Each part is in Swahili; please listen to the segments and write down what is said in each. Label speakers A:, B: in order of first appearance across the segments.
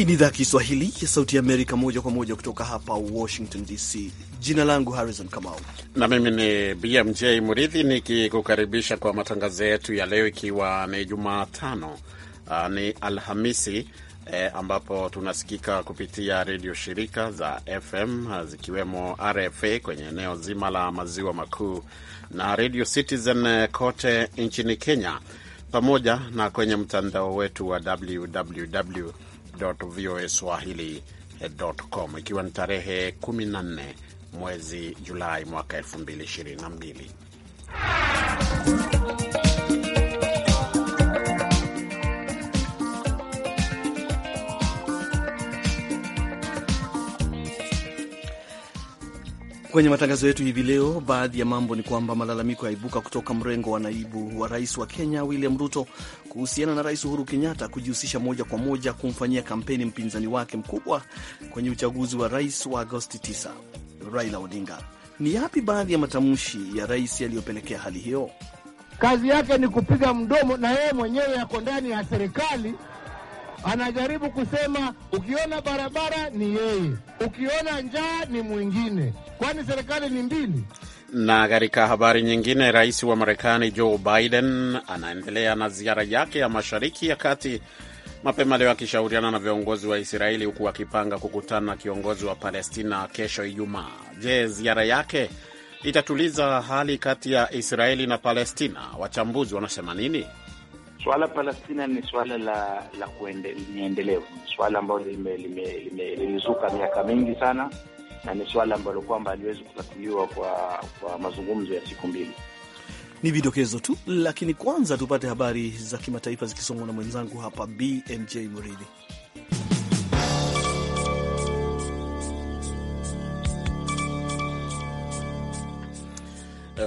A: Hii ni idhaa ya Kiswahili ya Sauti ya Amerika, moja kwa moja kutoka hapa Washington DC. Jina langu Harrison Kamau
B: na mimi ni BMJ Muridhi nikikukaribisha kwa matangazo yetu ya leo, ikiwa ni Jumatano, uh, ni Alhamisi eh, ambapo tunasikika kupitia redio shirika za FM ah, zikiwemo RFA kwenye eneo zima la maziwa makuu na Radio Citizen eh, kote nchini Kenya, pamoja na kwenye mtandao wetu wa www voaswahili.com, ikiwa ni tarehe 14 mwezi Julai mwaka 2022.
A: Kwenye matangazo yetu hivi leo, baadhi ya mambo ni kwamba malalamiko yaibuka kutoka mrengo wa naibu wa rais wa Kenya William Ruto kuhusiana na Rais Uhuru Kenyatta kujihusisha moja kwa moja kumfanyia kampeni mpinzani wake mkubwa kwenye uchaguzi wa rais wa Agosti 9 Raila Odinga. Ni yapi baadhi ya matamshi ya rais yaliyopelekea hali hiyo?
C: Kazi yake ni kupiga mdomo, na yeye mwenyewe yako ndani ya serikali anajaribu kusema ukiona barabara ni yeye, ukiona njaa ni mwingine, kwani serikali ni mbili.
B: Na katika habari nyingine, rais wa Marekani Joe Biden anaendelea na ziara yake ya Mashariki ya Kati, mapema leo akishauriana na viongozi wa Israeli huku akipanga kukutana na kiongozi wa Palestina kesho Ijumaa. Je, ziara yake itatuliza hali kati ya Israeli na Palestina? Wachambuzi wanasema nini?
D: Swala Palestina ni swala la la ni swala ambalo lilizuka miaka mingi sana, na ni swala ambalo kwamba aliwezi kutatuliwa kwa, kwa mazungumzo ya siku mbili.
A: Ni vidokezo tu, lakini kwanza tupate habari za kimataifa zikisomwa na mwenzangu hapa BMJ Muridhi.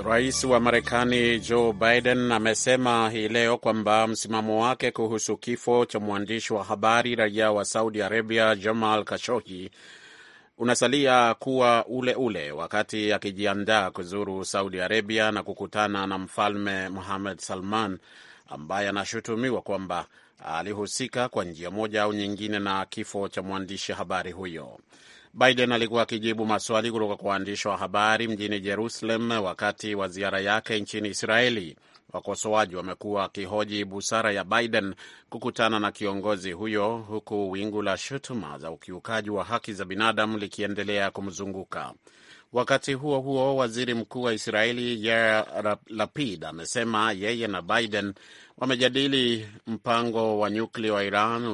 B: Rais wa Marekani Joe Biden amesema hii leo kwamba msimamo wake kuhusu kifo cha mwandishi wa habari raia wa Saudi Arabia Jamal Khashoggi unasalia kuwa ule ule, wakati akijiandaa kuzuru Saudi Arabia na kukutana na Mfalme Mohammed Salman ambaye anashutumiwa kwamba alihusika kwa njia moja au nyingine na kifo cha mwandishi habari huyo. Biden alikuwa akijibu maswali kutoka kwa waandishi wa habari mjini Jerusalem wakati wa ziara yake nchini Israeli. Wakosoaji wamekuwa wakihoji busara ya Biden kukutana na kiongozi huyo, huku wingu la shutuma za ukiukaji wa haki za binadamu likiendelea kumzunguka. Wakati huo huo, waziri mkuu wa Israeli Yair Lapid amesema yeye na Biden wamejadili mpango wa nyuklia wa Iran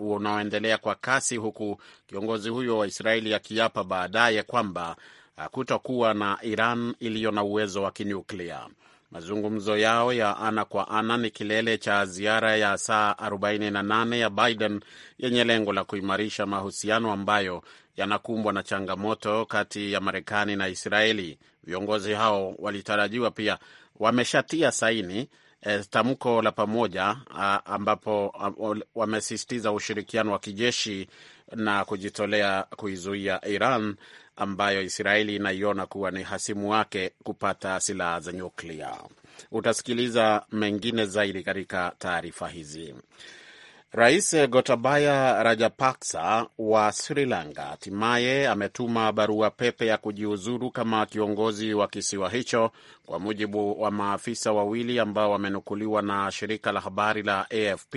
B: unaoendelea kwa kasi, huku kiongozi huyo wa Israeli akiapa baadaye kwamba hakutakuwa na Iran iliyo na uwezo wa kinyuklia. Mazungumzo yao ya ana kwa ana ni kilele cha ziara ya saa 48 ya Biden yenye lengo la kuimarisha mahusiano ambayo yanakumbwa na changamoto kati ya Marekani na Israeli. Viongozi hao walitarajiwa pia wameshatia saini e, tamko la pamoja a, ambapo wamesisitiza ushirikiano wa kijeshi na kujitolea kuizuia Iran ambayo Israeli inaiona kuwa ni hasimu wake kupata silaha za nyuklia. Utasikiliza mengine zaidi katika taarifa hizi. Rais Gotabaya Rajapaksa wa Sri Lanka hatimaye ametuma barua pepe ya kujiuzuru kama kiongozi wa kisiwa hicho, kwa mujibu wa maafisa wawili ambao wamenukuliwa na shirika la habari la AFP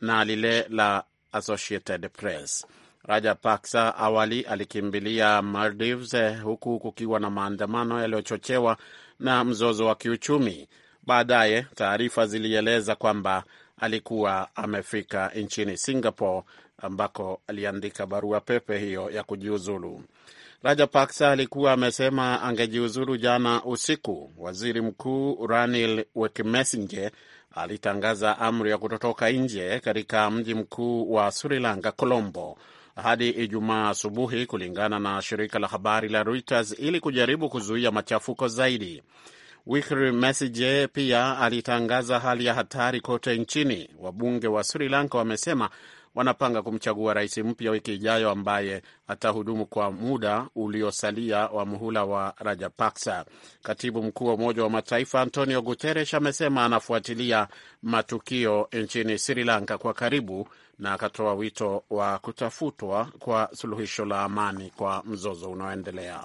B: na lile la Associated Press. Rajapaksa awali alikimbilia Maldives huku kukiwa na maandamano yaliyochochewa na mzozo wa kiuchumi. Baadaye taarifa zilieleza kwamba alikuwa amefika nchini Singapore ambako aliandika barua pepe hiyo ya kujiuzulu. Rajapaksa alikuwa amesema angejiuzulu jana usiku. Waziri Mkuu Ranil Wickremesinghe alitangaza amri ya kutotoka nje katika mji mkuu wa Sri Lanka, Colombo, hadi Ijumaa asubuhi, kulingana na shirika la habari la Reuters, ili kujaribu kuzuia machafuko zaidi. Wikri Mesije pia alitangaza hali ya hatari kote nchini. Wabunge wa Sri Lanka wamesema wanapanga kumchagua rais mpya wiki ijayo ambaye atahudumu kwa muda uliosalia wa muhula wa Rajapaksa. Katibu mkuu wa Umoja wa Mataifa Antonio Guterres amesema anafuatilia matukio nchini Sri Lanka kwa karibu na akatoa wito wa kutafutwa kwa suluhisho la amani kwa mzozo unaoendelea.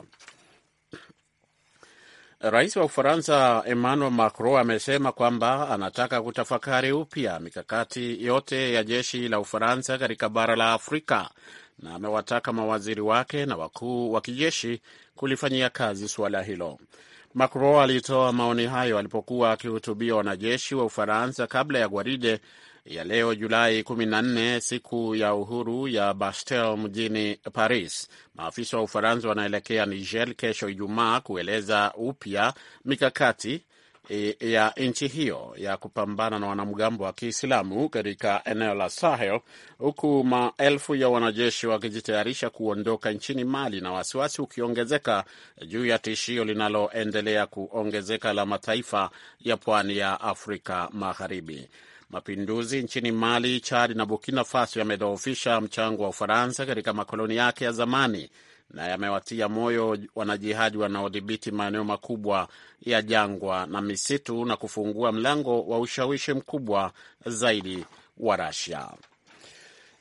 B: Rais wa Ufaransa Emmanuel Macron amesema kwamba anataka kutafakari upya mikakati yote ya jeshi la Ufaransa katika bara la Afrika na amewataka mawaziri wake na wakuu wa kijeshi kulifanyia kazi suala hilo. Macron alitoa maoni hayo alipokuwa akihutubia wanajeshi wa Ufaransa kabla ya gwaride ya leo Julai 14, siku ya uhuru ya Bastille mjini Paris. Maafisa wa Ufaransa wanaelekea Niger kesho Ijumaa kueleza upya mikakati e, ya nchi hiyo ya kupambana na wanamgambo wa Kiislamu katika eneo la Sahel, huku maelfu ya wanajeshi wakijitayarisha kuondoka nchini Mali na wasiwasi ukiongezeka juu ya tishio linaloendelea kuongezeka la mataifa ya pwani ya Afrika Magharibi. Mapinduzi nchini Mali, Chad na Burkina Faso yamedhoofisha mchango wa Ufaransa katika makoloni yake ya zamani na yamewatia moyo wanajihadi wanaodhibiti maeneo makubwa ya jangwa na misitu na kufungua mlango wa ushawishi mkubwa zaidi wa Russia.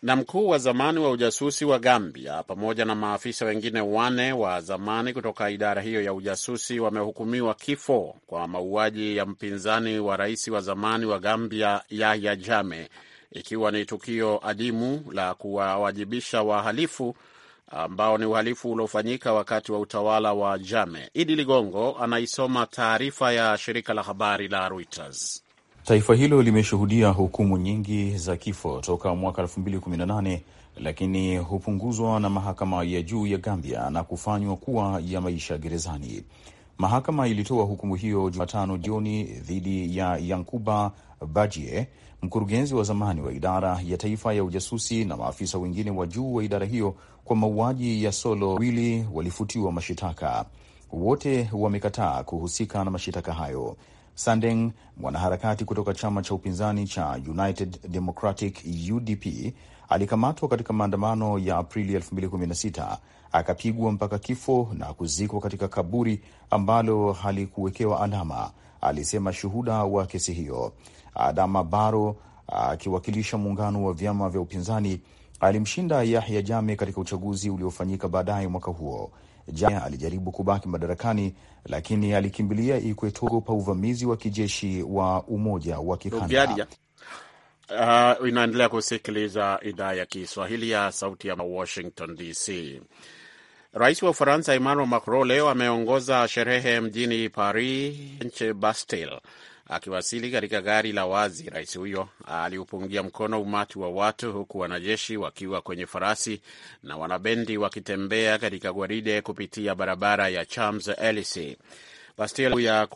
B: Na mkuu wa zamani wa ujasusi wa Gambia pamoja na maafisa wengine wane wa zamani kutoka idara hiyo ya ujasusi wamehukumiwa kifo kwa mauaji ya mpinzani wa rais wa zamani wa Gambia Yahya jame ikiwa ni tukio adimu la kuwawajibisha wahalifu ambao ni uhalifu uliofanyika wakati wa utawala wa jame Idi Ligongo anaisoma taarifa ya shirika la habari la Reuters. Taifa hilo
E: limeshuhudia hukumu nyingi za kifo toka mwaka 2018 lakini hupunguzwa na mahakama ya juu ya Gambia na kufanywa kuwa ya maisha gerezani. Mahakama ilitoa hukumu hiyo Jumatano jioni dhidi ya Yankuba Bajie, mkurugenzi wa zamani wa idara ya taifa ya ujasusi na maafisa wengine wa juu wa idara hiyo kwa mauaji ya Solo. Wawili walifutiwa mashitaka, wote wamekataa kuhusika na mashitaka hayo. Sandeng, mwanaharakati kutoka chama cha upinzani cha United Democratic UDP, alikamatwa katika maandamano ya Aprili 2016 akapigwa mpaka kifo na kuzikwa katika kaburi ambalo halikuwekewa alama, alisema shuhuda wa kesi hiyo. Adama Baro akiwakilisha muungano wa vyama vya upinzani alimshinda Yahya jame katika uchaguzi uliofanyika baadaye mwaka huo. Jaya alijaribu kubaki madarakani lakini alikimbilia Ikweto pa uvamizi wa kijeshi wa Umoja wa Kikanda.
B: Uh, inaendelea kusikiliza idhaa ya Kiswahili ya Sauti ya Washington DC. Rais wa Ufaransa Emmanuel Macron leo ameongoza sherehe mjini Paris, nchi Bastille Akiwasili katika gari la wazi, rais huyo aliupungia mkono umati wa watu, huku wanajeshi wakiwa kwenye farasi na wanabendi wakitembea katika gwaride kupitia barabara ya Champs Elysees. Bastille ya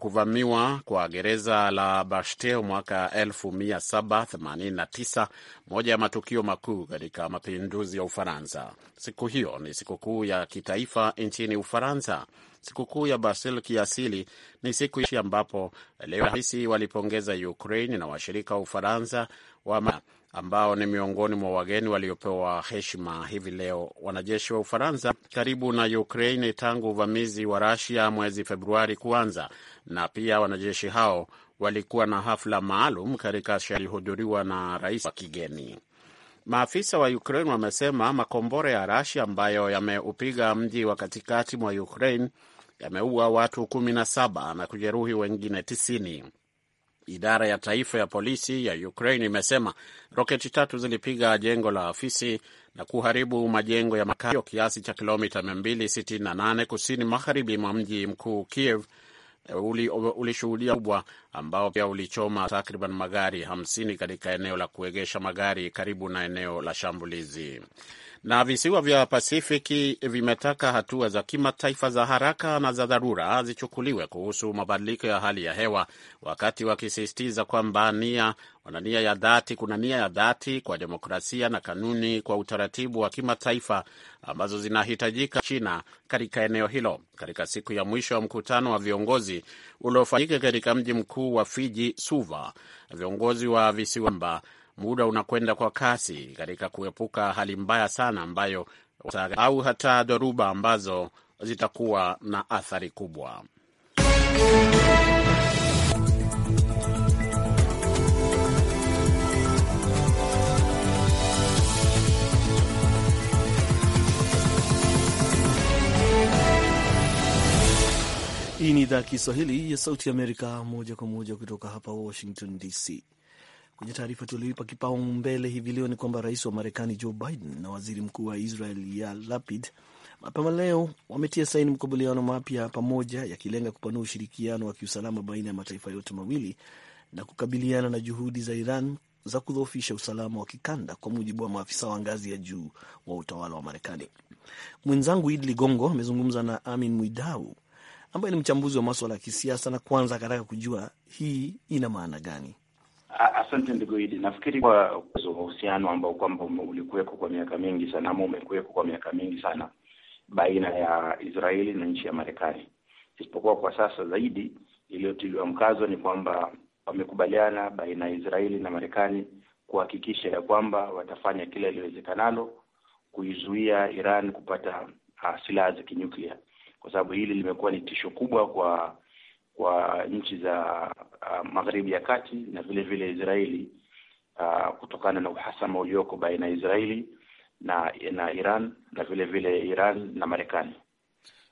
B: kuvamiwa kwa gereza la Bastille mwaka 1789, moja ya matukio makuu katika mapinduzi ya Ufaransa. Siku hiyo ni sikukuu ya kitaifa nchini Ufaransa. Sikukuu ya Basil kiasili ni siku ishi ambapo leo walipongeza Ukraine na washirika wa Ufaransa wa ambao ni miongoni mwa wageni waliopewa heshima hivi leo. Wanajeshi wa Ufaransa karibu na Ukraine tangu uvamizi wa Rusia mwezi Februari kuanza, na pia wanajeshi hao walikuwa na hafla maalum katika alihudhuriwa na rais wa kigeni. Maafisa wa Ukraine wamesema makombora ya Rusia ambayo yameupiga mji wa katikati mwa Ukraine yameua watu 17 na kujeruhi wengine 90. Idara ya taifa ya polisi ya Ukraine imesema roketi tatu zilipiga jengo la ofisi na kuharibu majengo ya makazi kiasi cha kilomita 268 kusini magharibi mwa mji mkuu Kiev eh, ulishuhudia uli kubwa ambao pia ulichoma takriban magari 50 katika eneo la kuegesha magari karibu na eneo la shambulizi. Na visiwa vya Pasifiki vimetaka hatua za kimataifa za haraka na za dharura zichukuliwe kuhusu mabadiliko ya hali ya hewa, wakati wakisisitiza kwamba nia wana nia ya dhati, kuna nia ya dhati kwa demokrasia na kanuni kwa utaratibu wa kimataifa ambazo zinahitajika China katika eneo hilo. Katika siku ya mwisho wa mkutano wa viongozi uliofanyika katika mji mkuu wa Fiji, Suva, viongozi wa visiwa muda unakwenda kwa kasi katika kuepuka hali mbaya sana ambayo au hata dhoruba ambazo zitakuwa na athari kubwa.
A: Hii ni idhaa ya Kiswahili ya Sauti ya Amerika, moja kwa moja kutoka hapa Washington DC. Kwenye taarifa tulioipa kipaumbele hivi leo ni kwamba rais wa Marekani Joe Biden na waziri mkuu wa Israel ya Lapid mapema leo wametia saini makubaliano mapya pamoja yakilenga kupanua ushirikiano wa kiusalama baina ya mataifa yote mawili na kukabiliana na juhudi za Iran za kudhoofisha usalama wa kikanda, kwa mujibu wa maafisa wa ngazi ya juu wa utawala wa Marekani. Mwenzangu Idli Gongo amezungumza na Amin Mwidau ambaye ni mchambuzi wa maswala ya kisiasa, na kwanza akataka kujua hii ina maana gani.
D: Asante ndugu Idi, nafikiri kwa uhusiano ambao kwamba ulikuweko kwa miaka mingi sana ama umekuweko kwa miaka mingi sana baina ya Israeli na nchi ya Marekani, isipokuwa kwa sasa zaidi iliyotiliwa mkazo ni kwamba wamekubaliana baina ya Israeli na Marekani kuhakikisha ya kwamba watafanya kila iliwezekanalo kuizuia Iran kupata uh, silaha za kinyuklia, kwa sababu hili limekuwa ni tisho kubwa kwa kwa nchi za uh, magharibi ya kati na vile vile Israeli uh, kutokana na uhasama ulioko baina ya Israeli na na Iran na vile vile Iran na Marekani.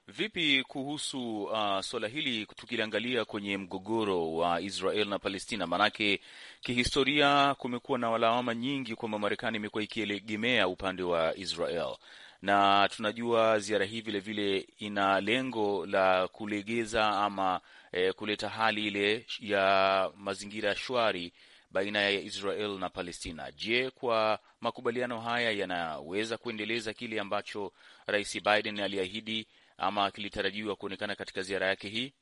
E: Vipi kuhusu uh, suala hili tukiliangalia kwenye mgogoro wa Israel na Palestina? Maanake kihistoria kumekuwa na lawama nyingi kwamba Marekani imekuwa ikiegemea upande wa Israel, na tunajua ziara hii vilevile ina lengo la kulegeza ama e, kuleta hali ile ya mazingira shwari baina ya Israel na Palestina. Je, kwa makubaliano haya yanaweza kuendeleza kile ambacho Rais Biden aliahidi ama kilitarajiwa kuonekana katika ziara yake hii?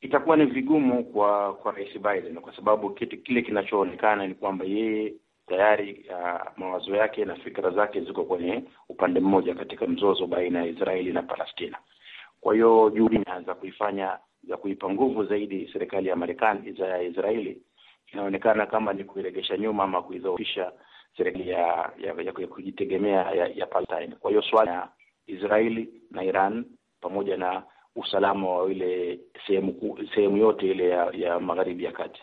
D: Itakuwa ni vigumu kwa kwa Rais Biden kwa sababu kile kinachoonekana ni kwamba yeye tayari uh, mawazo yake na fikira zake ziko kwenye upande mmoja katika mzozo baina ya Israeli na Palestina. Kwa hiyo juhudi za kuifanya za kuipa nguvu zaidi serikali ya Marekani ya Israeli inaonekana kama ni kuiregesha nyuma ama kuidhoofisha serikali ya ya, ya kujitegemea ya, ya Palestina. Kwa hiyo swala ya Israeli na Iran pamoja na usalama wa ile sehemu sehemu yote ile ya, ya magharibi ya kati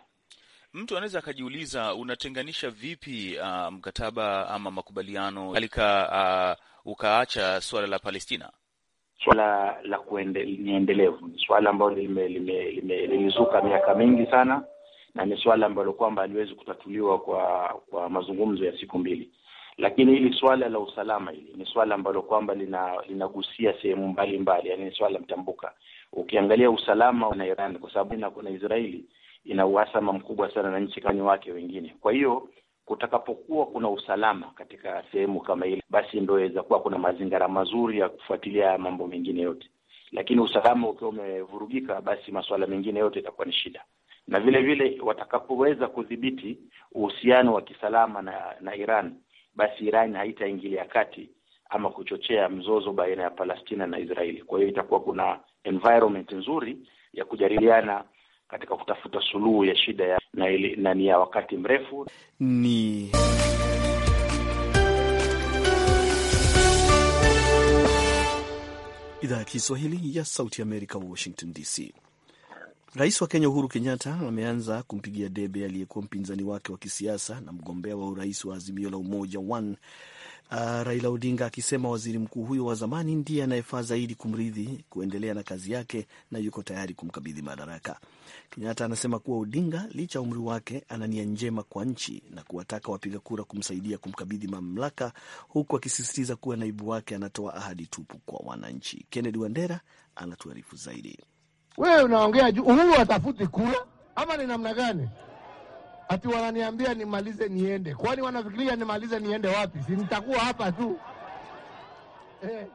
E: Mtu anaweza akajiuliza unatenganisha vipi uh, mkataba ama makubaliano alika uh, ukaacha suala la Palestina?
D: Swala la ni endelevu, ni swala ambalo lilizuka miaka mingi sana, na ni swala ambalo kwamba haliwezi kutatuliwa kwa kwa mazungumzo ya siku mbili. Lakini hili swala la usalama, hili ni swala ambalo kwamba linagusia lina sehemu mbalimbali, yani ni swala mtambuka. Ukiangalia usalama na Iran kwa sababu na kuna Israeli ina uhasama mkubwa sana na nchi kani wake wengine. Kwa hiyo kutakapokuwa kuna usalama katika sehemu kama ile, basi ndio inaweza kuwa kuna mazingira mazuri ya kufuatilia mambo mengine yote, lakini usalama ukiwa umevurugika, basi masuala mengine yote itakuwa ni shida na vile vile watakapoweza kudhibiti uhusiano wa kisalama na na Iran basi Iran haitaingilia kati ama kuchochea mzozo baina ya Palestina na Israeli. Kwa hiyo itakuwa kuna environment nzuri ya kujadiliana katika kutafuta suluhu ya shida ya na, ili, na ni ya wakati mrefu
E: ni
A: Idhaa ya Kiswahili ya Sauti Amerika, Washington DC. Rais wa Kenya Uhuru Kenyatta ameanza kumpigia debe aliyekuwa mpinzani wake wa kisiasa na mgombea wa urais wa Azimio la Umoja One Uh, Raila Odinga akisema waziri mkuu huyo wa zamani ndiye anayefaa zaidi kumrithi kuendelea na kazi yake na yuko tayari kumkabidhi madaraka. Kenyatta anasema kuwa Odinga licha ya umri wake ana nia njema kwa nchi na kuwataka wapiga kura kumsaidia kumkabidhi mamlaka, huku akisisitiza kuwa naibu wake anatoa ahadi tupu kwa wananchi. Kennedy Wandera anatuarifu zaidi.
C: Wewe unaongea juu Uhuru atafuti kura ama ni namna gani? Ati wananiambia nimalize niende, kwani wanafikiria nimalize niende wapi? Si nitakuwa hapa tu eh.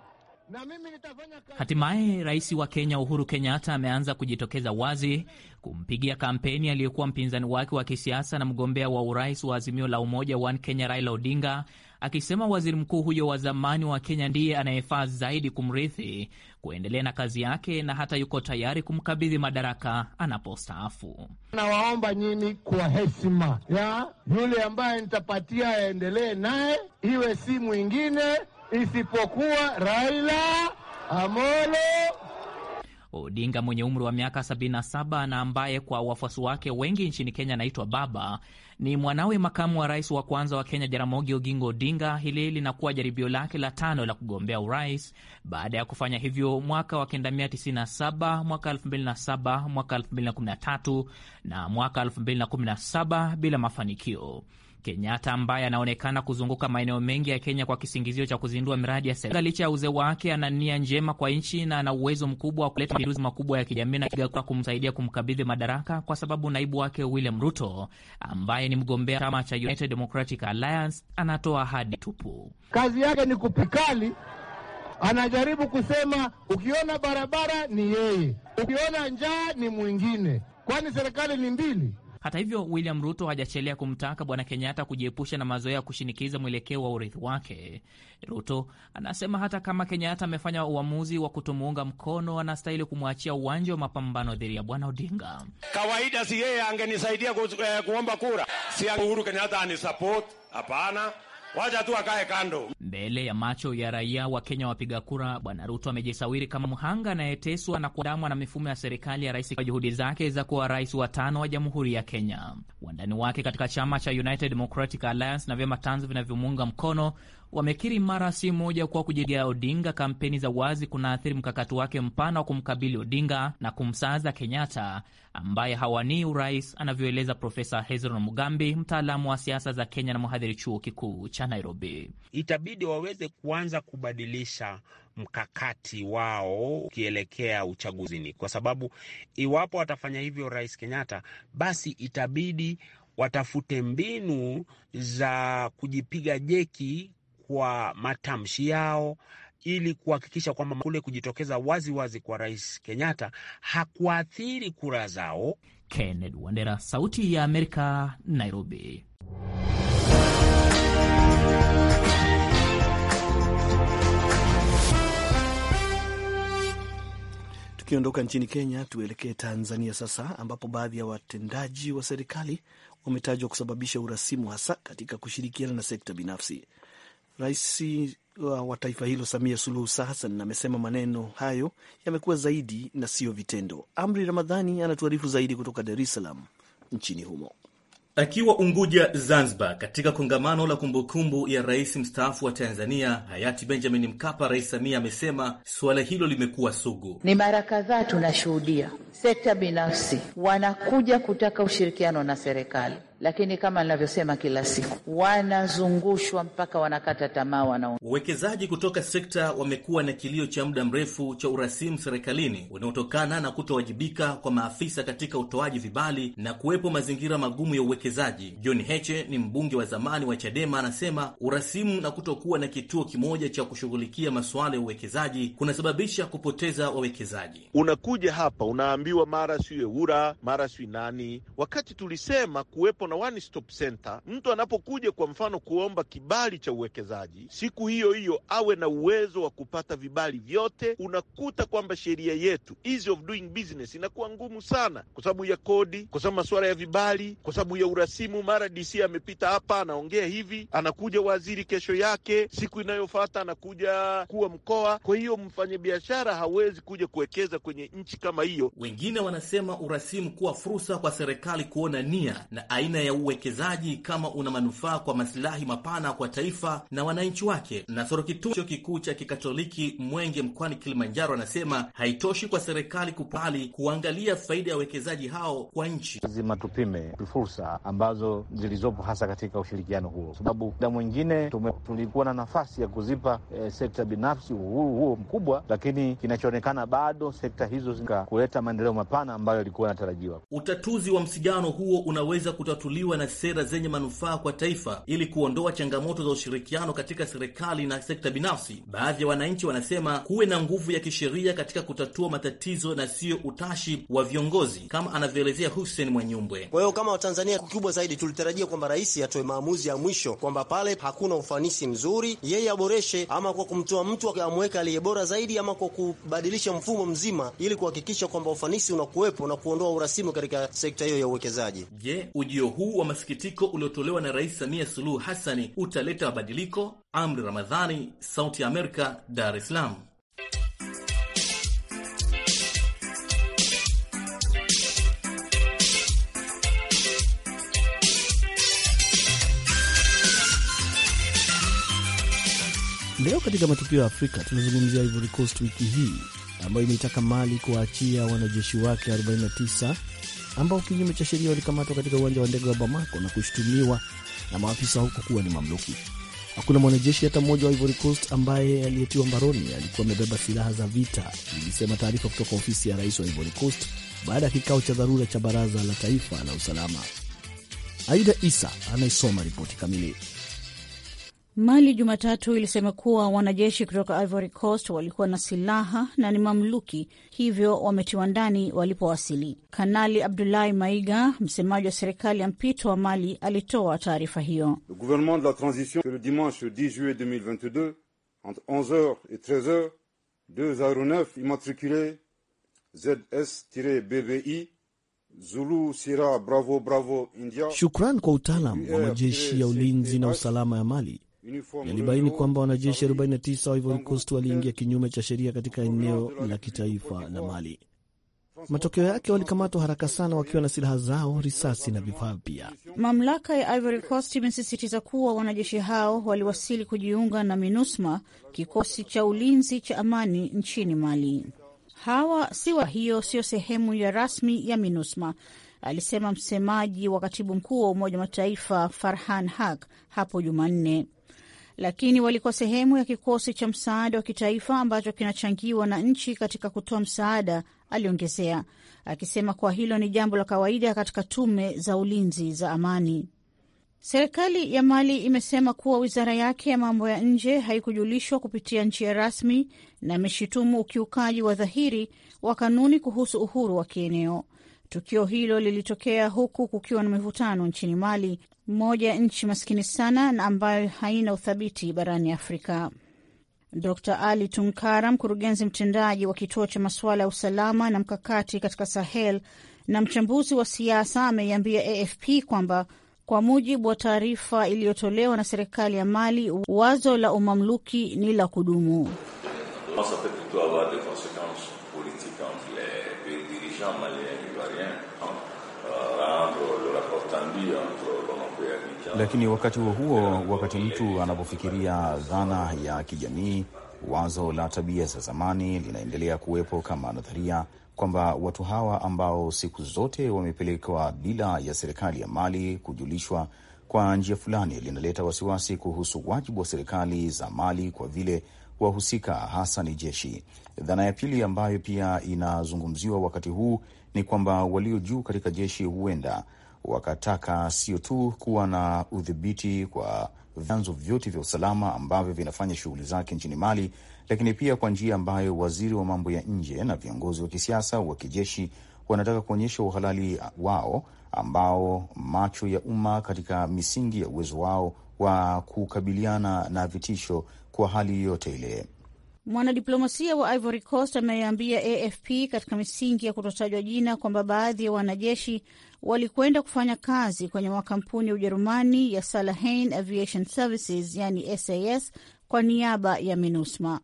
C: Na mimi nitafanya
F: kazi. Hatimaye rais wa Kenya Uhuru Kenyatta ameanza kujitokeza wazi kumpigia kampeni aliyekuwa mpinzani wake wa kisiasa na mgombea wa urais wa Azimio la Umoja One Kenya Raila Odinga akisema waziri mkuu huyo wa zamani wa Kenya ndiye anayefaa zaidi kumrithi, kuendelea na kazi yake na hata yuko tayari kumkabidhi madaraka anapostaafu.
C: Nawaomba nyinyi kwa heshima ya yule ambaye nitapatia aendelee naye, iwe si mwingine isipokuwa
F: Raila Amolo Odinga mwenye umri wa miaka 77 na ambaye kwa wafuasi wake wengi nchini Kenya anaitwa Baba ni mwanawe makamu wa rais wa kwanza wa Kenya Jaramogi Oginga Odinga. Hili linakuwa jaribio lake la tano la kugombea urais baada ya kufanya hivyo mwaka wa 1997, mwaka 2007, mwaka 2013 na mwaka 2017 bila mafanikio. Kenyatta ambaye anaonekana kuzunguka maeneo mengi ya Kenya kwa kisingizio cha kuzindua miradi ya serikali. Licha ya uzee wake, ana nia njema kwa nchi na ana uwezo mkubwa wa kuleta mapinduzi makubwa ya kijamii na kiga kumsaidia kumkabidhi madaraka, kwa sababu naibu wake William Ruto ambaye ni mgombea chama cha United Democratic Alliance anatoa ahadi tupu.
C: Kazi yake ni kupikali anajaribu kusema ukiona barabara ni yeye, ukiona njaa ni mwingine, kwani serikali ni mbili.
F: Hata hivyo, William Ruto hajachelea kumtaka Bwana Kenyatta kujiepusha na mazoea ya kushinikiza mwelekeo wa urithi wake. Ruto anasema hata kama Kenyatta amefanya uamuzi wa kutomuunga mkono, anastahili kumwachia uwanja wa mapambano dhidi ya Bwana Odinga.
D: Kawaida si yeye angenisaidia ku, eh, kuomba kura, si Uhuru Kenyatta anisapot? Hapana wacha tu akae kando.
F: Mbele ya macho ya raia wa Kenya wapiga kura, Bwana Ruto amejisawiri kama mhanga anayeteswa na kudamwa na mifumo ya serikali ya rais kwa juhudi zake za kuwa rais wa tano wa jamhuri ya Kenya. Wandani wake katika chama cha United Democratic Alliance na vyama tanzu vinavyomuunga mkono wamekiri mara si moja kuwa kujegea Odinga kampeni za wazi kunaathiri mkakati wake mpana wa kumkabili Odinga na kumsaaza Kenyatta ambaye hawanii urais, anavyoeleza Profesa Hezron Mugambi, mtaalamu wa siasa za Kenya na mhadhiri chuo kikuu cha Nairobi.
B: Itabidi waweze kuanza kubadilisha mkakati wao ukielekea uchaguzini, kwa sababu iwapo watafanya hivyo Rais Kenyatta, basi itabidi watafute mbinu za kujipiga jeki kwa matamshi yao ili
F: kuhakikisha kwamba kule kujitokeza waziwazi wazi kwa Rais Kenyatta hakuathiri kura zao. Kenneth Wandera, Sauti ya Amerika, Nairobi.
A: Tukiondoka nchini Kenya, tuelekee Tanzania sasa, ambapo baadhi ya watendaji wa serikali wametajwa kusababisha urasimu hasa katika kushirikiana na sekta binafsi. Rais uh, wa taifa hilo Samia Suluhu Hassan amesema maneno hayo yamekuwa zaidi na siyo vitendo. Amri Ramadhani
G: anatuarifu zaidi kutoka Dar es Salaam nchini humo. Akiwa Unguja, Zanzibar, katika kongamano la kumbukumbu ya rais mstaafu wa Tanzania hayati Benjamin Mkapa, Rais Samia amesema suala hilo limekuwa sugu.
H: Ni mara kadhaa tunashuhudia sekta binafsi wanakuja kutaka ushirikiano na serikali lakini kama ninavyosema kila siku, wanazungushwa mpaka wanakata tamaa. Wana
G: uwekezaji kutoka sekta wamekuwa na kilio cha muda mrefu cha urasimu serikalini unaotokana na kutowajibika kwa maafisa katika utoaji vibali na kuwepo mazingira magumu ya uwekezaji. John Heche ni mbunge wa zamani wa Chadema, anasema urasimu na kutokuwa na kituo kimoja cha kushughulikia masuala ya uwekezaji kunasababisha kupoteza wawekezaji.
A: Unakuja hapa unaambiwa mara siwe ura mara siwe nani, wakati tulisema kuwepo kuwepo na one stop center. Mtu anapokuja kwa mfano kuomba kibali cha uwekezaji, siku hiyo hiyo awe na uwezo wa kupata vibali vyote. Unakuta kwamba sheria yetu ease of doing business inakuwa ngumu sana, kwa sababu ya kodi, kwa sababu masuala ya vibali, kwa sababu ya urasimu. Mara DC amepita hapa anaongea hivi, anakuja waziri kesho yake, siku inayofata anakuja kuwa mkoa.
G: Kwa hiyo mfanyabiashara hawezi kuja kuwekeza kwenye nchi kama hiyo. Wengine wanasema urasimu kuwa fursa kwa serikali kuona nia na aina aina ya uwekezaji kama una manufaa kwa masilahi mapana kwa taifa na wananchi wake. na Kitui, chuo kikuu cha kikatoliki Mwenge mkoani Kilimanjaro, anasema haitoshi kwa serikali kupali kuangalia faida ya uwekezaji hao kwa nchi lazima. Tupime fursa ambazo zilizopo hasa katika ushirikiano huo, sababu muda mwingine tulikuwa na nafasi ya kuzipa e, sekta binafsi uhuru huo mkubwa, lakini kinachoonekana bado sekta hizo zika kuleta maendeleo mapana ambayo yalikuwa yanatarajiwa. Utatuzi wa msigano huo unaweza kutatua kutatuliwa na sera zenye manufaa kwa taifa ili kuondoa changamoto za ushirikiano katika serikali na sekta binafsi. Baadhi ya wananchi wanasema kuwe na nguvu ya kisheria katika kutatua matatizo na sio utashi wa viongozi, kama anavyoelezea Hussein Mwanyumbwe. Kwa hiyo kama Watanzania, kikubwa zaidi tulitarajia kwamba rais atoe maamuzi ya mwisho kwamba pale hakuna ufanisi mzuri, yeye aboreshe, ama kwa kumtoa mtu amweke aliye bora zaidi, ama kwa kubadilisha mfumo mzima ili kuhakikisha kwamba ufanisi unakuwepo na kuondoa urasimu katika sekta hiyo ya uwekezaji. Je, ujio huu wa masikitiko uliotolewa na Rais Samia Suluhu Hassani utaleta mabadiliko. Amri Ramadhani, Sauti ya Amerika, Dar es Salaam.
A: Leo katika matukio ya Afrika tunazungumzia Ivory Coast wiki hii ambayo imeitaka Mali kuwaachia wanajeshi wake 49 ambao kinyume cha sheria walikamatwa katika uwanja wa ndege wa Bamako na kushutumiwa na maafisa huko kuwa ni mamluki. Hakuna mwanajeshi hata mmoja wa Ivory Coast ambaye aliyetiwa mbaroni alikuwa amebeba silaha za vita, ilisema taarifa kutoka ofisi ya rais wa Ivory Coast baada ya kikao cha dharura cha baraza la taifa la usalama. Aida Isa anaisoma ripoti kamili.
H: Mali Jumatatu ilisema kuwa wanajeshi kutoka Ivory Coast walikuwa na silaha na ni mamluki, hivyo wametiwa ndani walipowasili. Kanali Abdulahi Maiga, msemaji wa serikali ya mpito wa Mali, alitoa taarifa hiyo.
B: Le gouvernement de la transition le dimanche 10 juillet 2022 entre 11 et 13 deux aéronefs immatriculés zs Zulu Bravo Bravo India.
A: Shukran kwa utaalam wa majeshi ya ulinzi na usalama ya Mali Yalibaini kwamba wanajeshi 49 wa Ivory Coast waliingia kinyume cha sheria katika eneo la kitaifa la Mali. Matokeo yake walikamatwa haraka sana wakiwa na silaha zao, risasi na vifaa pia.
H: Mamlaka ya Ivory Coast imesisitiza kuwa wanajeshi hao waliwasili kujiunga na MINUSMA, kikosi cha ulinzi cha amani nchini Mali. Hawa siwa hiyo siyo sehemu ya rasmi ya MINUSMA, alisema msemaji wa katibu mkuu wa Umoja wa Mataifa Farhan Haq hapo Jumanne lakini walikuwa sehemu ya kikosi cha msaada wa kitaifa ambacho kinachangiwa na nchi katika kutoa msaada, aliongezea akisema kuwa hilo ni jambo la kawaida katika tume za ulinzi za amani. Serikali ya Mali imesema kuwa wizara yake ya mambo ya nje haikujulishwa kupitia njia rasmi na imeshutumu ukiukaji wa dhahiri wa kanuni kuhusu uhuru wa kieneo. Tukio hilo lilitokea huku kukiwa na mivutano nchini Mali, mmoja ya nchi maskini sana na ambayo haina uthabiti barani Afrika. Dr Ali Tunkara, mkurugenzi mtendaji wa kituo cha masuala ya usalama na mkakati katika Sahel na mchambuzi wa siasa, ameiambia AFP kwamba kwa mujibu wa taarifa iliyotolewa na serikali ya Mali, wazo la umamluki ni la kudumu.
E: Lakini wakati huo huo, wakati mtu anapofikiria dhana ya kijamii, wazo la tabia za zamani linaendelea kuwepo kama nadharia kwamba watu hawa ambao siku zote wamepelekwa bila ya serikali ya Mali kujulishwa kwa njia fulani, linaleta wasiwasi kuhusu wajibu wa serikali za Mali kwa vile wahusika hasa ni jeshi. Dhana ya pili ambayo pia inazungumziwa wakati huu ni kwamba walio juu katika jeshi huenda wakataka sio tu kuwa na udhibiti kwa vyanzo vyote vya usalama ambavyo vinafanya shughuli zake nchini Mali, lakini pia kwa njia ambayo waziri wa mambo ya nje na viongozi wa kisiasa wa kijeshi wanataka kuonyesha uhalali wao ambao macho ya umma katika misingi ya uwezo wao wa kukabiliana na vitisho kwa hali yoyote ile.
H: Mwanadiplomasia wa Ivory Coast ameambia AFP katika misingi ya kutotajwa jina kwamba baadhi ya wanajeshi walikwenda kufanya kazi kwenye makampuni ya Ujerumani ya Salahain Aviation Services yani SAS kwa niaba ya MINUSMA.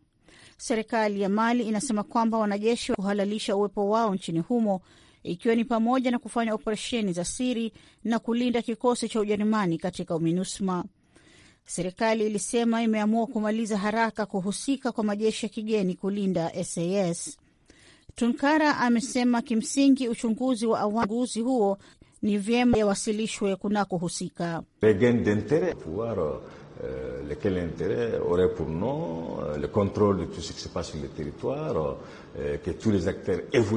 H: Serikali ya Mali inasema kwamba wanajeshi kuhalalisha uwepo wao nchini humo ikiwa ni pamoja na kufanya operesheni za siri na kulinda kikosi cha Ujerumani katika MINUSMA. Serikali ilisema imeamua kumaliza haraka kuhusika kwa majeshi ya kigeni kulinda SAS. Tunkara amesema kimsingi uchunguzi wa awamu huo ni vyema yawasilishwe kunakohusika.
G: Euh,
E: euh, euh,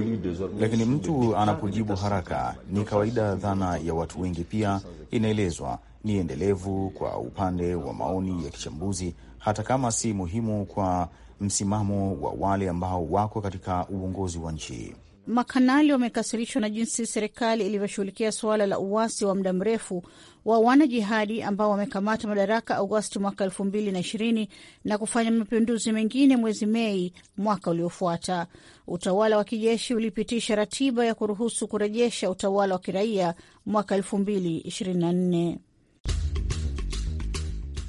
E: Lakini mtu anapojibu haraka, ni kawaida, dhana ya watu wengi pia inaelezwa ni endelevu kwa upande wa maoni ya kichambuzi, hata kama si muhimu kwa msimamo wa wale ambao wako katika uongozi wa nchi.
H: Makanali wamekasirishwa na jinsi serikali ilivyoshughulikia suala la uasi wa muda mrefu wa wanajihadi ambao wamekamata madaraka Agosti mwaka elfu mbili na ishirini na kufanya mapinduzi mengine mwezi Mei mwaka uliofuata. Utawala wa kijeshi ulipitisha ratiba ya kuruhusu kurejesha utawala wa kiraia mwaka elfu mbili ishirini na nne.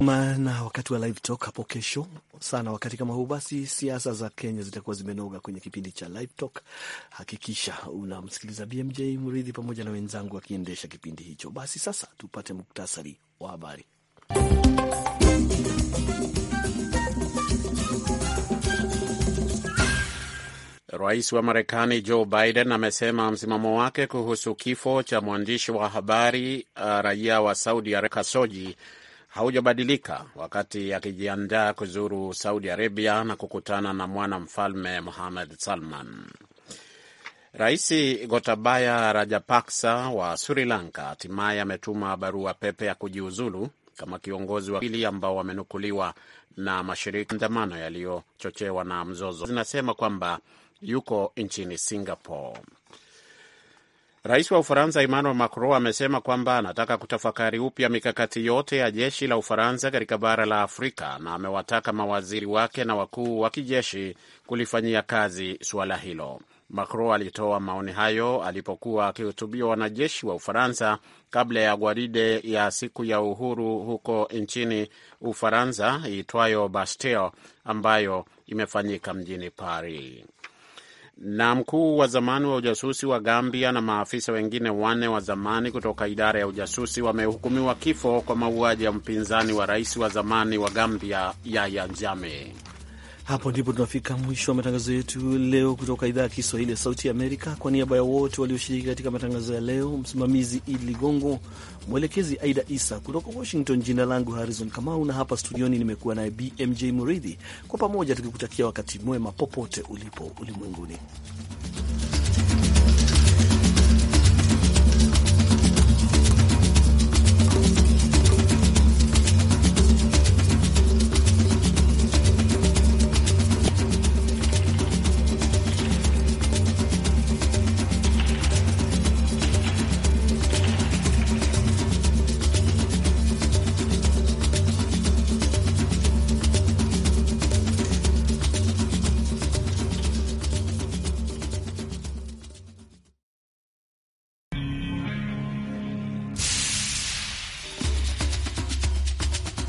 A: maana wakati wa live talk hapo kesho sana, wakati kama huu, basi siasa za Kenya zitakuwa zimenoga kwenye kipindi cha live talk. Hakikisha unamsikiliza BMJ Mridhi pamoja na wenzangu wakiendesha kipindi hicho. Basi sasa tupate muktasari wa habari.
B: Rais wa Marekani Joe Biden amesema msimamo wake kuhusu kifo cha mwandishi wa habari uh, raia wa Saudi Arabia Khashoggi haujabadilika wakati akijiandaa kuzuru Saudi Arabia na kukutana na mwana mfalme Mohamed Salman. Rais Gotabaya Rajapaksa wa Sri Lanka hatimaye ametuma barua pepe ya kujiuzulu kama kiongozi wa pili ambao wamenukuliwa na mashirika andamano yaliyochochewa na mzozo zinasema kwamba yuko nchini Singapore. Rais wa Ufaransa Emmanuel Macron amesema kwamba anataka kutafakari upya mikakati yote ya jeshi la Ufaransa katika bara la Afrika na amewataka mawaziri wake na wakuu wa kijeshi kulifanyia kazi suala hilo. Macron alitoa maoni hayo alipokuwa akihutubia wanajeshi wa Ufaransa kabla ya gwaride ya siku ya uhuru huko nchini Ufaransa iitwayo Bastille ambayo imefanyika mjini Paris. Na mkuu wa zamani wa ujasusi wa Gambia na maafisa wengine wanne wa zamani kutoka idara ya ujasusi wamehukumiwa kifo kwa mauaji ya mpinzani wa rais wa zamani wa Gambia Yahya Jammeh.
A: Hapo ndipo tunafika mwisho wa matangazo yetu leo kutoka idhaa ya Kiswahili ya Sauti ya Amerika. Kwa niaba ya wote walioshiriki katika matangazo ya leo, msimamizi Idi Ligongo, mwelekezi Aida Isa kutoka Washington. Jina langu Harrison Kamau na hapa studioni nimekuwa naye BMJ Muridhi, kwa pamoja tukikutakia wakati mwema popote ulipo ulimwenguni.